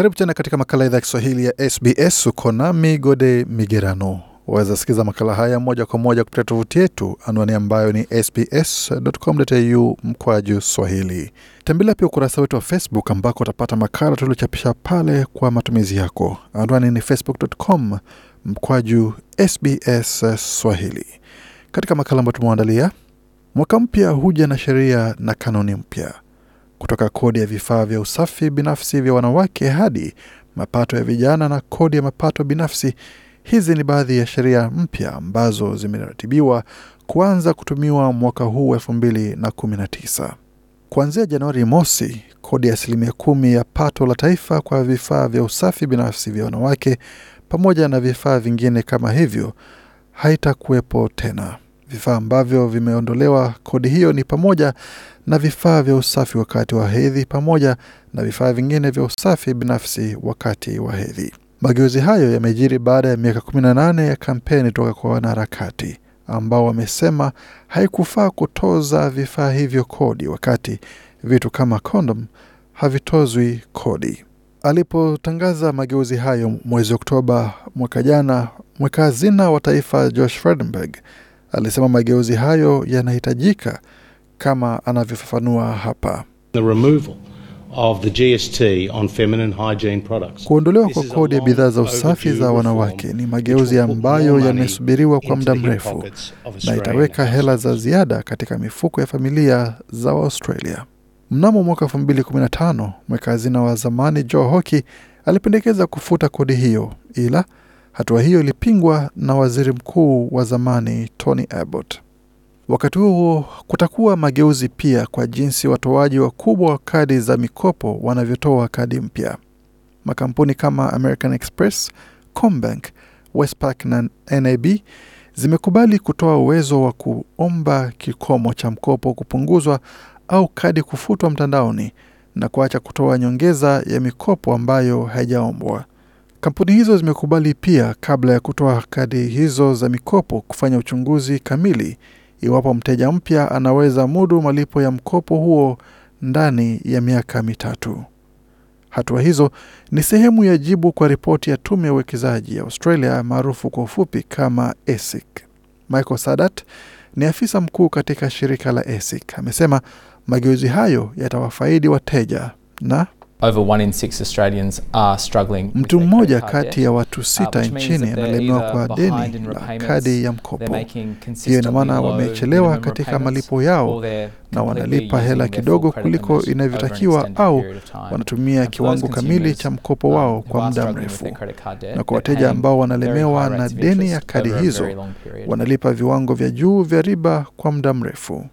Karibu tena katika makala idhaa ya Kiswahili ya SBS. Uko nami Gode Migerano. Waweza sikiza makala haya moja kwa moja kupitia tovuti yetu, anwani ambayo ni sbs.com.au mkwaju swahili. Tembelea pia ukurasa wetu wa Facebook ambako utapata makala tuliochapisha pale kwa matumizi yako. Anwani ni facebook.com mkwaju sbs swahili. Katika makala ambayo tumeandalia, mwaka mpya huja na sheria na kanuni mpya kutoka kodi ya vifaa vya usafi binafsi vya wanawake hadi mapato ya vijana na kodi ya mapato binafsi. Hizi ni baadhi ya sheria mpya ambazo zimeratibiwa kuanza kutumiwa mwaka huu tisa. Kuanzia Januari mosi, kodi ya asilimia kumi ya pato la taifa kwa vifaa vya usafi binafsi vya wanawake pamoja na vifaa vingine kama hivyo haitakuwepo tena. Vifaa ambavyo vimeondolewa kodi hiyo ni pamoja na vifaa vya usafi wakati wa hedhi pamoja na vifaa vingine vya usafi binafsi wakati wa hedhi. Mageuzi hayo yamejiri baada ya miaka 18 ya kampeni toka kwa wanaharakati ambao wamesema haikufaa kutoza vifaa hivyo kodi wakati vitu kama kondom havitozwi kodi. Alipotangaza mageuzi hayo mwezi Oktoba mwaka jana, mweka hazina wa taifa Josh Frydenberg alisema mageuzi hayo yanahitajika kama anavyofafanua hapa. The of the GST on feminine hygiene products. Kuondolewa kwa kodi ya bidhaa za usafi za wanawake ni mageuzi ambayo yamesubiriwa kwa muda mrefu na itaweka hela za ziada katika mifuko ya familia za Waustralia. Mnamo mwaka 2015 mweka hazina wa zamani Joe Hockey alipendekeza kufuta kodi hiyo, ila Hatua hiyo ilipingwa na waziri mkuu wa zamani Tony Abbott. Wakati huo huo, kutakuwa mageuzi pia kwa jinsi watoaji wakubwa wa kadi za mikopo wanavyotoa kadi mpya. Makampuni kama American Express, Combank, Westpac na NAB zimekubali kutoa uwezo wa kuomba kikomo cha mkopo kupunguzwa au kadi kufutwa mtandaoni na kuacha kutoa nyongeza ya mikopo ambayo haijaombwa. Kampuni hizo zimekubali pia, kabla ya kutoa kadi hizo za mikopo, kufanya uchunguzi kamili iwapo mteja mpya anaweza mudu malipo ya mkopo huo ndani ya miaka mitatu. Hatua hizo ni sehemu ya jibu kwa ripoti ya tume ya uwekezaji ya Australia maarufu kwa ufupi kama ASIC. Michael Sadat ni afisa mkuu katika shirika la ASIC. Amesema mageuzi hayo yatawafaidi wateja na Over one in six Australians are struggling. Mtu mmoja kati ya watu uh, sita nchini analemewa kwa deni la kadi ya mkopo. Hiyo ina maana wamechelewa katika malipo yao na wanalipa hela kidogo kuliko inavyotakiwa au wanatumia kiwango kamili cha mkopo um, wao kwa muda mrefu. Na kwa wateja ambao wanalemewa na deni ya kadi hizo, wanalipa viwango vya juu vya riba kwa muda mrefu.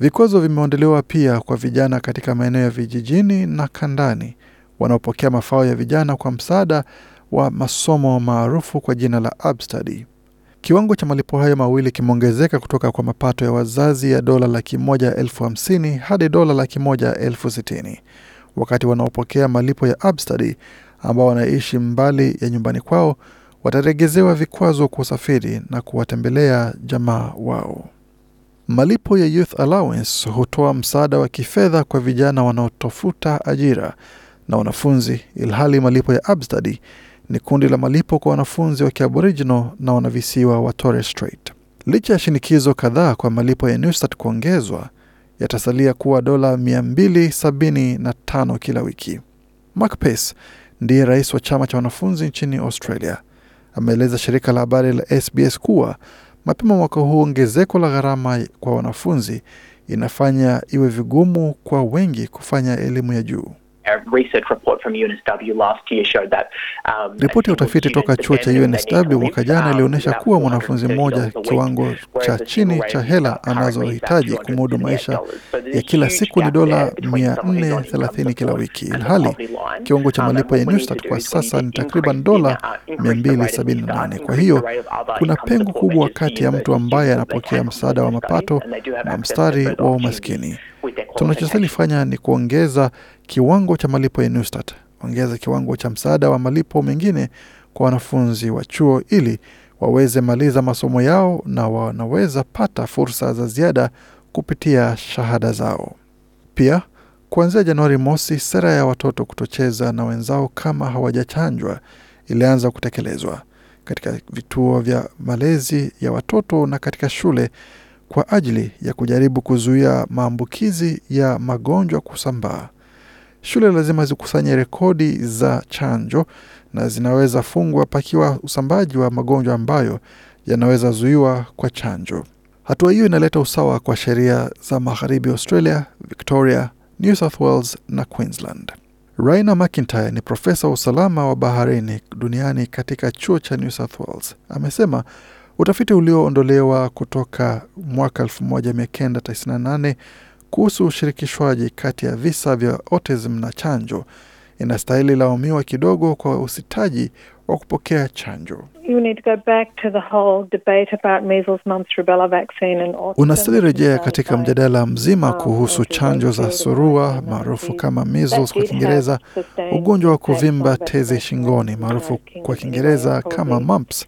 Vikwazo vimeondolewa pia kwa vijana katika maeneo ya vijijini na kandani wanaopokea mafao ya vijana kwa msaada wa masomo maarufu kwa jina la Abstudy. Kiwango cha malipo hayo mawili kimeongezeka kutoka kwa mapato ya wazazi ya dola laki moja elfu hamsini hadi dola laki moja elfu sitini wakati wanaopokea malipo ya Abstudy ambao wanaishi mbali ya nyumbani kwao wataregezewa vikwazo kwa usafiri na kuwatembelea jamaa wao. Malipo ya Youth Allowance hutoa msaada wa kifedha kwa vijana wanaotafuta ajira na wanafunzi, ilhali malipo ya Abstudy ni kundi la malipo kwa wanafunzi wa Kiaboriginal na wanavisiwa wa Torres Strait. Licha ya shinikizo kadhaa kwa malipo ya Newstart kuongezwa, yatasalia kuwa dola 275 kila wiki. Mark Pace ndiye rais wa chama cha wanafunzi nchini Australia. Ameeleza shirika la habari la SBS kuwa Mapema mwaka huu, ongezeko la gharama kwa wanafunzi inafanya iwe vigumu kwa wengi kufanya elimu ya juu. Um, Ripoti ya utafiti toka chuo cha UNSW mwaka jana ilionyesha kuwa mwanafunzi mmoja kiwango cha chini cha um, hela anazohitaji kumudu maisha ya kila siku ni dola 430 kila wiki, ilhali kiwango cha malipo ya Newstat kwa sasa ni takriban dola 278. Kwa hiyo kuna pengo kubwa kati ya mtu ambaye anapokea msaada wa mapato na mstari wa umaskini tunachostahili ni kuongeza kiwango cha malipo ya Nustat, ongeza kiwango cha msaada wa malipo mengine kwa wanafunzi wa chuo ili waweze maliza masomo yao na wanaweza pata fursa za ziada kupitia shahada zao. Pia kuanzia Januari mosi, sera ya watoto kutocheza na wenzao kama hawajachanjwa ilianza kutekelezwa katika vituo vya malezi ya watoto na katika shule kwa ajili ya kujaribu kuzuia maambukizi ya magonjwa kusambaa. Shule lazima zikusanye rekodi za chanjo na zinaweza fungwa pakiwa usambaji wa magonjwa ambayo yanaweza zuiwa kwa chanjo. Hatua hiyo inaleta usawa kwa sheria za magharibi Australia, Victoria, New South Wales na Queensland. Raina McIntyre ni profesa wa usalama wa baharini duniani katika chuo cha New South Wales. Amesema Utafiti ulioondolewa kutoka mwaka 1998 kuhusu ushirikishwaji kati ya visa vya autism na chanjo inastahili laumiwa kidogo kwa usitaji wa kupokea chanjo. Unastahili rejea katika mjadala mzima kuhusu chanjo za surua maarufu kama measles kwa Kiingereza, ugonjwa wa kuvimba tezi shingoni maarufu kwa Kiingereza kama mumps,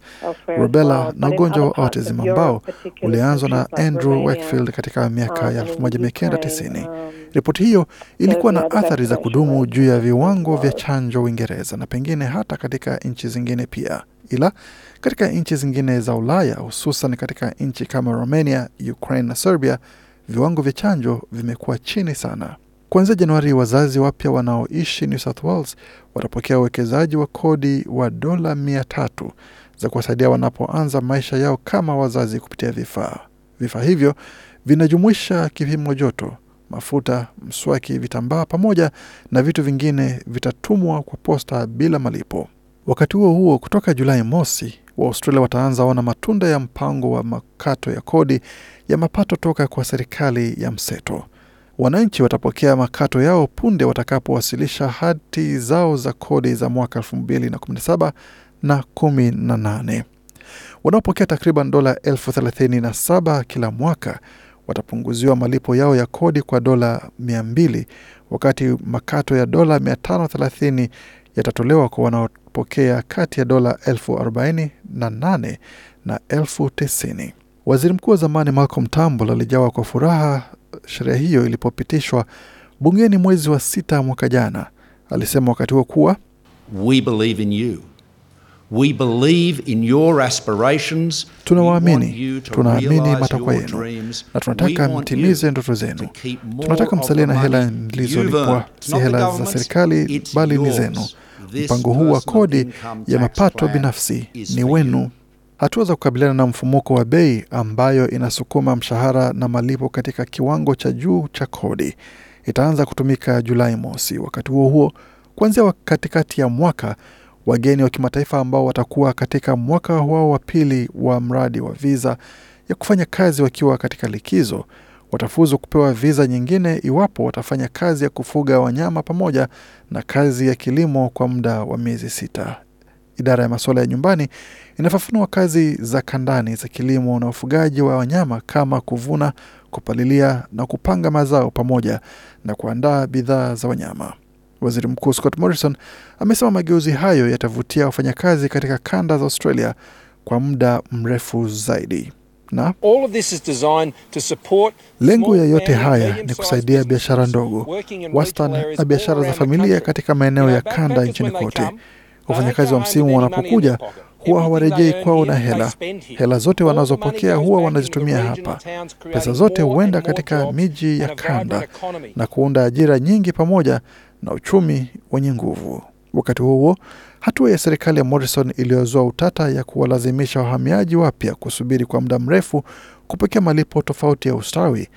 rubella na ugonjwa wa autism ambao ulianzwa na Andrew Wakefield katika miaka ya 1990. Um, um, Ripoti hiyo ilikuwa na athari za kudumu juu ya viwango vya chanjo Uingereza na pengine hata katika nchi nchi zingine pia, ila katika nchi zingine za Ulaya, hususan katika nchi kama Romania, Ukraine na Serbia, viwango vya chanjo vimekuwa chini sana. Kuanzia Januari, wazazi wapya wanaoishi New South Wales watapokea uwekezaji wa kodi wa dola mia tatu za kuwasaidia wanapoanza maisha yao kama wazazi kupitia vifaa. Vifaa hivyo vinajumuisha kipimo joto, mafuta, mswaki, vitambaa pamoja na vitu vingine vitatumwa kwa posta bila malipo. Wakati huo huo, kutoka Julai mosi Waaustralia wataanza ona matunda ya mpango wa makato ya kodi ya mapato toka kwa serikali ya mseto. Wananchi watapokea makato yao punde watakapowasilisha hati zao za kodi za mwaka 2017 na 18. Wanaopokea takriban dola 37 kila mwaka watapunguziwa malipo yao ya kodi kwa dola 200 wakati makato ya dola 530 yatatolewa kwa wanaopokea kati ya dola elfu arobaini na nane na elfu tisini. Waziri mkuu wa zamani Malcolm Turnbull alijawa kwa furaha sheria hiyo ilipopitishwa bungeni mwezi wa sita mwaka jana. Alisema wakati huo kuwa We believe in you. We believe in your aspirations. Tunawaamini, tunaamini matakwa yenu na tunataka mtimize ndoto zenu. Tunataka msalia na hela nilizolipwa, si hela za serikali bali ni zenu. Mpango huu wa kodi ya mapato binafsi ni wenu. Hatua za kukabiliana na mfumuko wa bei ambayo inasukuma mshahara na malipo katika kiwango cha juu cha kodi itaanza kutumika Julai mosi. Wakati huo huo, kuanzia katikati ya mwaka, wageni wa kimataifa ambao watakuwa katika mwaka wao wa pili wa mradi wa viza ya kufanya kazi wakiwa katika likizo watafuzu kupewa viza nyingine iwapo watafanya kazi ya kufuga wanyama pamoja na kazi ya kilimo kwa muda wa miezi sita. Idara ya masuala ya nyumbani inafafanua kazi za kandani za kilimo na ufugaji wa wanyama kama kuvuna, kupalilia na kupanga mazao pamoja na kuandaa bidhaa za wanyama. Waziri Mkuu Scott Morrison amesema mageuzi hayo yatavutia wafanyakazi katika kanda za Australia kwa muda mrefu zaidi na lengo ya yote haya ni kusaidia biashara ndogo, wastan na biashara za familia katika maeneo ya kanda nchini kote. Wafanyakazi wa msimu wanapokuja huwa hawarejei kwao na hela. Hela zote wanazopokea huwa wanazitumia hapa. Pesa zote huenda katika miji ya kanda na kuunda ajira nyingi pamoja na uchumi wenye nguvu. Wakati huo huo, hatua ya serikali ya Morrison iliyozua utata ya kuwalazimisha wahamiaji wapya kusubiri kwa muda mrefu kupokea malipo tofauti ya ustawi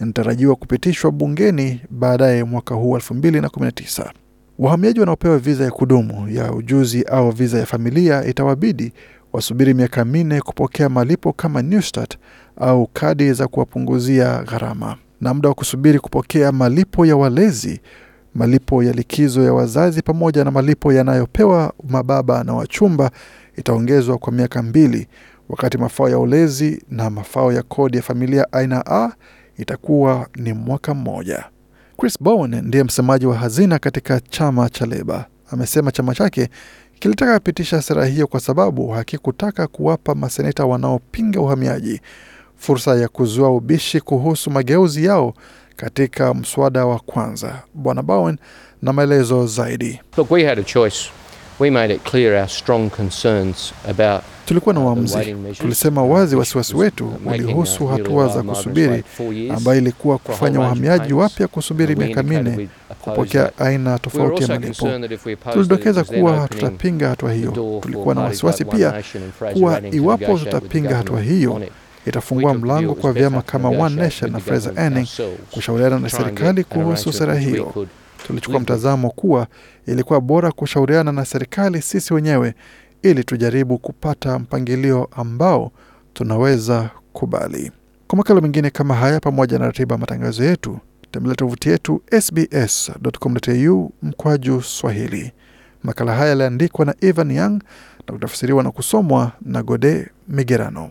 inatarajiwa kupitishwa bungeni baadaye mwaka huu 2019. Wahamiaji wanaopewa viza ya kudumu ya ujuzi au viza ya familia itawabidi wasubiri miaka minne kupokea malipo kama Newstart au kadi za kuwapunguzia gharama, na muda wa kusubiri kupokea malipo ya walezi malipo ya likizo ya wazazi pamoja na malipo yanayopewa mababa na wachumba itaongezwa kwa miaka mbili, wakati mafao ya ulezi na mafao ya kodi ya familia aina A itakuwa ni mwaka mmoja. Chris Bowen ndiye msemaji wa hazina katika chama cha Leba, amesema chama chake kilitaka pitisha sera hiyo kwa sababu hakikutaka kuwapa maseneta wanaopinga uhamiaji fursa ya kuzua ubishi kuhusu mageuzi yao katika mswada wa kwanza. Bwana Bowen na maelezo zaidi. Look, we had a choice. We made it clear our strong concerns about Tulikuwa na uamuzi. Tulisema wazi wasiwasi wetu ulihusu hatua za kusubiri, ambayo ilikuwa kufanya wahamiaji wapya kusubiri miaka minne kupokea aina tofauti ya malipo. Tulidokeza kuwa tutapinga hatua hiyo. Tulikuwa na wasiwasi pia kuwa iwapo tutapinga hatua hiyo itafungua mlango kwa vyama kama One Nation na Fraser Anning kushauriana na serikali kuhusu sera hiyo. Tulichukua mtazamo kuwa ilikuwa bora kushauriana na serikali sisi wenyewe ili tujaribu kupata mpangilio ambao tunaweza kubali. Kwa makala mengine kama haya, pamoja na ratiba ya matangazo yetu, tembelea tovuti yetu sbs.com.au mkwaju Swahili. Makala haya yaliandikwa na Evan Young na kutafsiriwa na kusomwa na Gode Migerano.